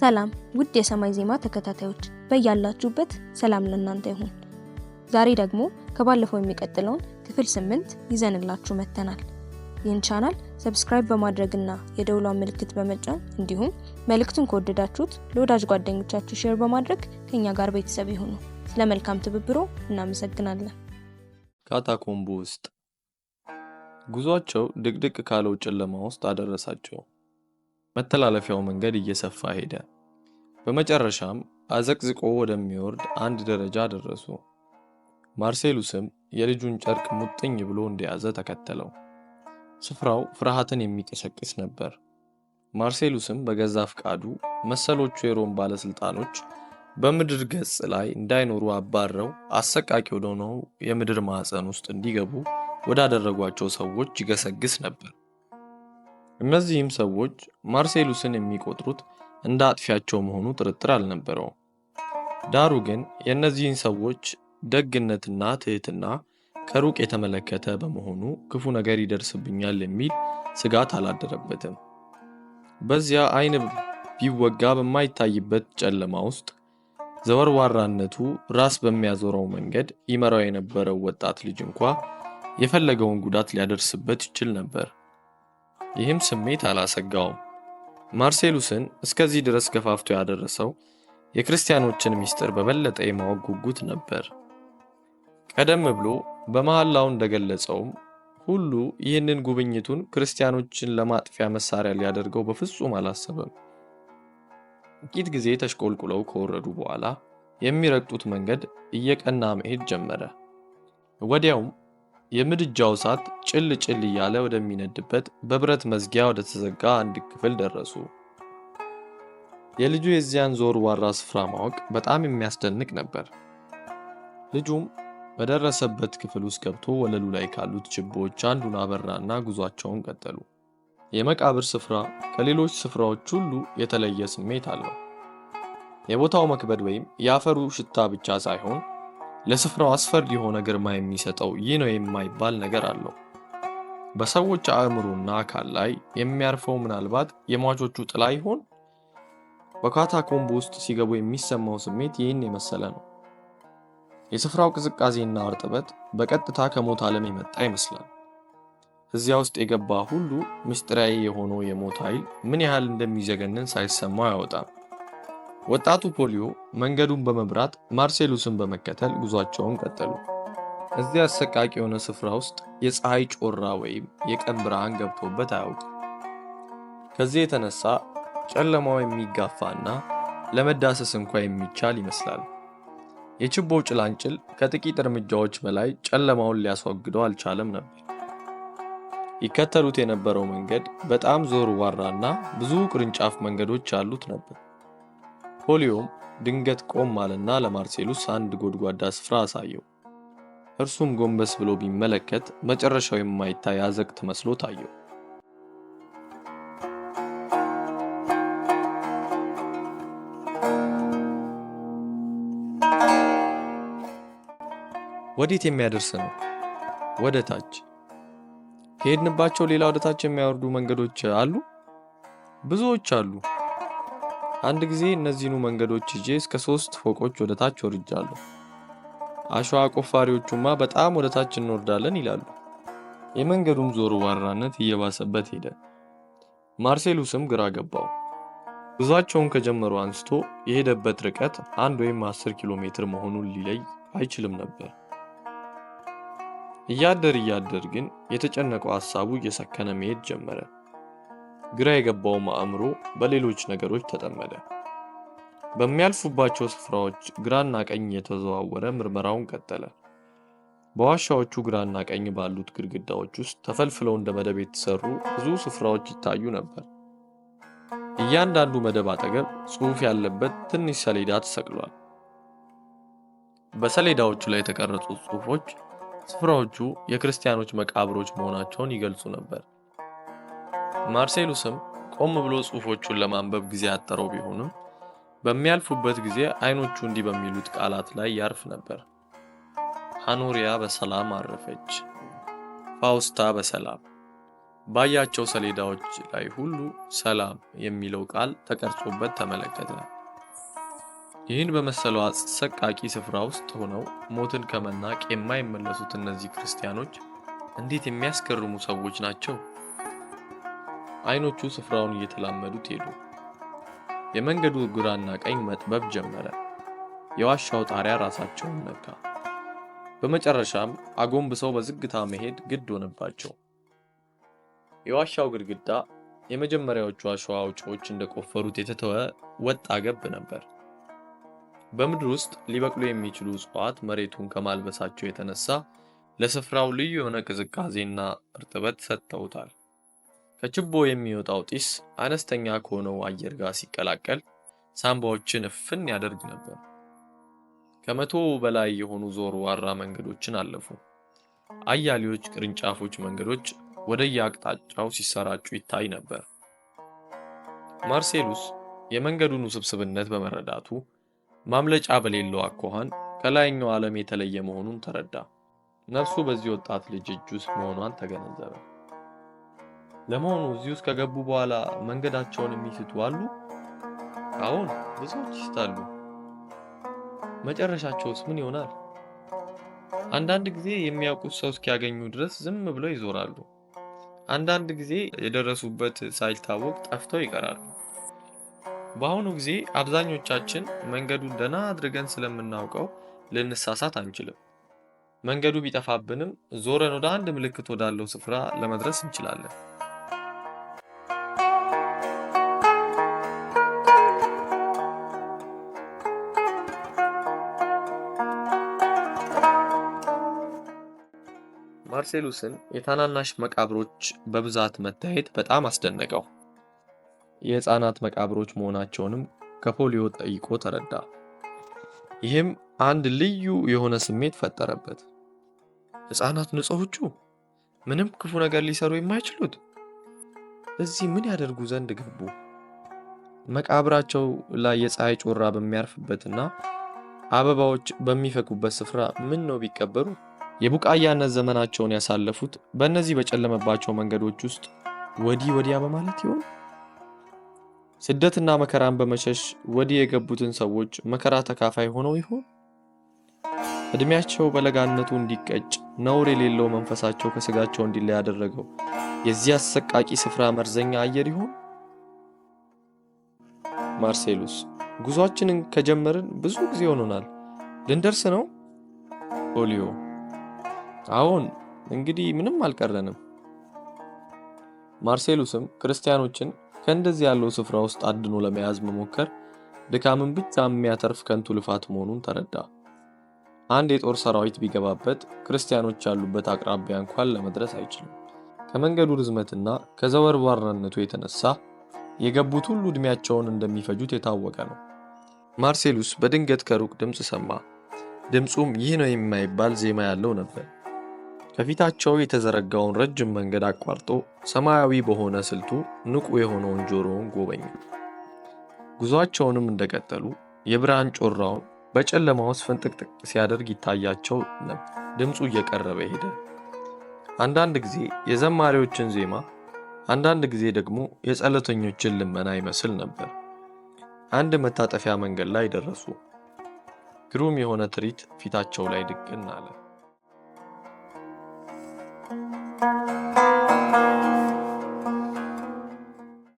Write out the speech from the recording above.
ሰላም ውድ የሰማይ ዜማ ተከታታዮች በያላችሁበት ሰላም ለእናንተ ይሁን። ዛሬ ደግሞ ከባለፈው የሚቀጥለውን ክፍል ስምንት ይዘንላችሁ መተናል። ይህን ቻናል ሰብስክራይብ በማድረግና የደውሏን ምልክት በመጫን እንዲሁም መልእክቱን ከወደዳችሁት ለወዳጅ ጓደኞቻችሁ ሼር በማድረግ ከኛ ጋር ቤተሰብ ይሁኑ። ስለ መልካም ትብብሮ እናመሰግናለን። ካታኮምቡ ውስጥ ጉዟቸው ድቅድቅ ካለው ጨለማ ውስጥ አደረሳቸው። መተላለፊያው መንገድ እየሰፋ ሄደ። በመጨረሻም አዘቅዝቆ ወደሚወርድ አንድ ደረጃ ደረሱ። ማርሴሉስም የልጁን ጨርቅ ሙጥኝ ብሎ እንደያዘ ተከተለው። ስፍራው ፍርሃትን የሚቀሰቅስ ነበር። ማርሴሉስም በገዛ ፍቃዱ መሰሎቹ የሮም ባለሥልጣኖች በምድር ገጽ ላይ እንዳይኖሩ አባረው አሰቃቂ ወደሆነው የምድር ማዕፀን ውስጥ እንዲገቡ ወዳደረጓቸው ሰዎች ይገሰግስ ነበር። እነዚህም ሰዎች ማርሴሉስን የሚቆጥሩት እንደ አጥፊያቸው መሆኑ ጥርጥር አልነበረው። ዳሩ ግን የእነዚህን ሰዎች ደግነትና ትህትና ከሩቅ የተመለከተ በመሆኑ ክፉ ነገር ይደርስብኛል የሚል ስጋት አላደረበትም። በዚያ አይን ቢወጋ በማይታይበት ጨለማ ውስጥ ዘወርዋራነቱ ራስ በሚያዞረው መንገድ ይመራው የነበረው ወጣት ልጅ እንኳ የፈለገውን ጉዳት ሊያደርስበት ይችል ነበር። ይህም ስሜት አላሰጋውም። ማርሴሉስን እስከዚህ ድረስ ገፋፍቶ ያደረሰው የክርስቲያኖችን ምስጢር በበለጠ የማወቅ ጉጉት ነበር። ቀደም ብሎ በመሐላው እንደገለጸውም ሁሉ ይህንን ጉብኝቱን ክርስቲያኖችን ለማጥፊያ መሳሪያ ሊያደርገው በፍጹም አላሰበም። ጥቂት ጊዜ ተሽቆልቁለው ከወረዱ በኋላ የሚረግጡት መንገድ እየቀና መሄድ ጀመረ። ወዲያውም የምድጃው እሳት ጭል ጭል እያለ ወደሚነድበት በብረት መዝጊያ ወደተዘጋ አንድ ክፍል ደረሱ። የልጁ የዚያን ዞር ዋራ ስፍራ ማወቅ በጣም የሚያስደንቅ ነበር። ልጁም በደረሰበት ክፍል ውስጥ ገብቶ ወለሉ ላይ ካሉት ችቦዎች አንዱን አበራና ጉዟቸውን ቀጠሉ። የመቃብር ስፍራ ከሌሎች ስፍራዎች ሁሉ የተለየ ስሜት አለው። የቦታው መክበድ ወይም የአፈሩ ሽታ ብቻ ሳይሆን ለስፍራው አስፈሪ የሆነ ግርማ የሚሰጠው ይህ ነው የማይባል ነገር አለው። በሰዎች አእምሮና አካል ላይ የሚያርፈው ምናልባት የሟቾቹ ጥላ ይሆን? በካታኮምብ ውስጥ ሲገቡ የሚሰማው ስሜት ይህን የመሰለ ነው። የስፍራው ቅዝቃዜና እርጥበት በቀጥታ ከሞት ዓለም የመጣ ይመስላል። እዚያ ውስጥ የገባ ሁሉ ምስጢራዊ የሆነው የሞት ኃይል ምን ያህል እንደሚዘገንን ሳይሰማው ያወጣል። ወጣቱ ፖሊዮ መንገዱን በመብራት ማርሴሉስን በመከተል ጉዟቸውን ቀጠሉ። እዚህ አሰቃቂ የሆነ ስፍራ ውስጥ የፀሐይ ጮራ ወይም የቀን ብርሃን ገብቶበት አያውቅም። ከዚህ የተነሳ ጨለማው የሚጋፋና ለመዳሰስ እንኳ የሚቻል ይመስላል። የችቦው ጭላንጭል ከጥቂት እርምጃዎች በላይ ጨለማውን ሊያስወግደው አልቻለም ነበር። ይከተሉት የነበረው መንገድ በጣም ዞር ዋራና ብዙ ቅርንጫፍ መንገዶች ያሉት ነበር። ፖሊዮም ድንገት ቆም አለና ለማርሴሉስ አንድ ጎድጓዳ ስፍራ አሳየው። እርሱም ጎንበስ ብሎ ቢመለከት መጨረሻው የማይታይ አዘቅት መስሎ ታየው። ወዴት የሚያደርስ ነው? ወደ ታች። ከሄድንባቸው ሌላ ወደ ታች የሚያወርዱ መንገዶች አሉ? ብዙዎች አሉ። አንድ ጊዜ እነዚህኑ መንገዶች ይዤ እስከ ሶስት ፎቆች ወደ ታች ወርጃለሁ። አሸዋ ቆፋሪዎቹማ በጣም ወደ ታች እንወርዳለን ይላሉ። የመንገዱም ዞሮ ዋራነት እየባሰበት ሄደ። ማርሴሉስም ግራ ገባው። ጉዟቸውን ከጀመሩ አንስቶ የሄደበት ርቀት አንድ ወይም አስር ኪሎ ሜትር መሆኑን ሊለይ አይችልም ነበር። እያደር እያደር ግን የተጨነቀው ሐሳቡ እየሰከነ መሄድ ጀመረ። ግራ የገባውም አእምሮ በሌሎች ነገሮች ተጠመደ። በሚያልፉባቸው ስፍራዎች ግራና ቀኝ የተዘዋወረ ምርመራውን ቀጠለ። በዋሻዎቹ ግራና ቀኝ ባሉት ግድግዳዎች ውስጥ ተፈልፍለው እንደ መደብ የተሰሩ ብዙ ስፍራዎች ይታዩ ነበር። እያንዳንዱ መደብ አጠገብ ጽሑፍ ያለበት ትንሽ ሰሌዳ ተሰቅሏል። በሰሌዳዎቹ ላይ የተቀረጹት ጽሑፎች ስፍራዎቹ የክርስቲያኖች መቃብሮች መሆናቸውን ይገልጹ ነበር። ማርሴሉስም ቆም ብሎ ጽሑፎቹን ለማንበብ ጊዜ ያጠረው ቢሆንም በሚያልፉበት ጊዜ አይኖቹ እንዲህ በሚሉት ቃላት ላይ ያርፍ ነበር። አኖሪያ በሰላም አረፈች፣ ፋውስታ በሰላም ባያቸው ሰሌዳዎች ላይ ሁሉ ሰላም የሚለው ቃል ተቀርጾበት ተመለከተ። ይህን በመሰለው አሰቃቂ ስፍራ ውስጥ ሆነው ሞትን ከመናቅ የማይመለሱት እነዚህ ክርስቲያኖች እንዴት የሚያስገርሙ ሰዎች ናቸው! አይኖቹ ስፍራውን እየተላመዱት ሄዱ። የመንገዱ ግራና ቀኝ መጥበብ ጀመረ። የዋሻው ጣሪያ ራሳቸውን ነካ። በመጨረሻም አጎንብሰው በዝግታ መሄድ ግድ ሆነባቸው። የዋሻው ግድግዳ የመጀመሪያዎቹ አሸዋ አውጪዎች እንደቆፈሩት የተተወ ወጣ ገብ ነበር። በምድር ውስጥ ሊበቅሉ የሚችሉ እጽዋት መሬቱን ከማልበሳቸው የተነሳ ለስፍራው ልዩ የሆነ ቅዝቃዜና እርጥበት ሰጥተውታል። ከችቦ የሚወጣው ጢስ አነስተኛ ከሆነው አየር ጋር ሲቀላቀል ሳምባዎችን እፍን ያደርግ ነበር። ከመቶ በላይ የሆኑ ዞሮ አራ መንገዶችን አለፉ። አያሌዎች ቅርንጫፎች መንገዶች ወደየአቅጣጫው ሲሰራጩ ይታይ ነበር። ማርሴሉስ የመንገዱን ውስብስብነት በመረዳቱ ማምለጫ በሌለው አኳኋን ከላይኛው ዓለም የተለየ መሆኑን ተረዳ። ነፍሱ በዚህ ወጣት ልጅ እጅ ውስጥ መሆኗን ተገነዘበ። ለመሆኑ እዚህ ውስጥ ከገቡ በኋላ መንገዳቸውን የሚስቱ አሉ? አሁን ብዙዎች ይስታሉ። መጨረሻቸውስ ምን ይሆናል? አንዳንድ ጊዜ የሚያውቁት ሰው እስኪያገኙ ድረስ ዝም ብለው ይዞራሉ። አንዳንድ ጊዜ የደረሱበት ሳይታወቅ ጠፍተው ይቀራሉ። በአሁኑ ጊዜ አብዛኞቻችን መንገዱን ደህና አድርገን ስለምናውቀው ልንሳሳት አንችልም። መንገዱ ቢጠፋብንም ዞረን ወደ አንድ ምልክት ወዳለው ስፍራ ለመድረስ እንችላለን። ማርሴሉስን የታናናሽ መቃብሮች በብዛት መታየት በጣም አስደነቀው። የሕፃናት መቃብሮች መሆናቸውንም ከፖሊዮ ጠይቆ ተረዳ። ይህም አንድ ልዩ የሆነ ስሜት ፈጠረበት። ሕፃናት ንጹሖቹ፣ ምንም ክፉ ነገር ሊሰሩ የማይችሉት እዚህ ምን ያደርጉ ዘንድ ገቡ? መቃብራቸው ላይ የፀሐይ ጮራ በሚያርፍበትና አበባዎች በሚፈኩበት ስፍራ ምን ነው ቢቀበሩት? የቡቃያነት ዘመናቸውን ያሳለፉት በእነዚህ በጨለመባቸው መንገዶች ውስጥ ወዲህ ወዲያ በማለት ይሆን? ስደትና መከራን በመሸሽ ወዲህ የገቡትን ሰዎች መከራ ተካፋይ ሆነው ይሆን? ዕድሜያቸው በለጋነቱ እንዲቀጭ ነውር የሌለው መንፈሳቸው ከሥጋቸው እንዲለይ ያደረገው የዚህ አሰቃቂ ስፍራ መርዘኛ አየር ይሆን? ማርሴሉስ ጉዟችንን ከጀመርን ብዙ ጊዜ ሆኖናል። ልንደርስ ነው? ኦሊዮ አሁን እንግዲህ ምንም አልቀረንም። ማርሴሉስም ክርስቲያኖችን ከእንደዚህ ያለው ስፍራ ውስጥ አድኖ ለመያዝ መሞከር ድካምን ብቻ የሚያተርፍ ከንቱ ልፋት መሆኑን ተረዳ። አንድ የጦር ሰራዊት ቢገባበት ክርስቲያኖች ያሉበት አቅራቢያ እንኳን ለመድረስ አይችልም። ከመንገዱ ርዝመትና ከዘወርባራነቱ የተነሳ የገቡት ሁሉ ዕድሜያቸውን እንደሚፈጁት የታወቀ ነው። ማርሴሉስ በድንገት ከሩቅ ድምፅ ሰማ። ድምፁም ይህ ነው የማይባል ዜማ ያለው ነበር። ከፊታቸው የተዘረጋውን ረጅም መንገድ አቋርጦ ሰማያዊ በሆነ ስልቱ ንቁ የሆነውን ጆሮውን ጎበኙ። ጉዟቸውንም እንደቀጠሉ የብርሃን ጮራውን በጨለማ ውስጥ ፍንጥቅጥቅ ሲያደርግ ይታያቸው ነበር። ድምፁ እየቀረበ ሄደ። አንዳንድ ጊዜ የዘማሪዎችን ዜማ፣ አንዳንድ ጊዜ ደግሞ የጸለተኞችን ልመና ይመስል ነበር። አንድ መታጠፊያ መንገድ ላይ ደረሱ። ግሩም የሆነ ትርኢት ፊታቸው ላይ ድቅን አለ። Thank you.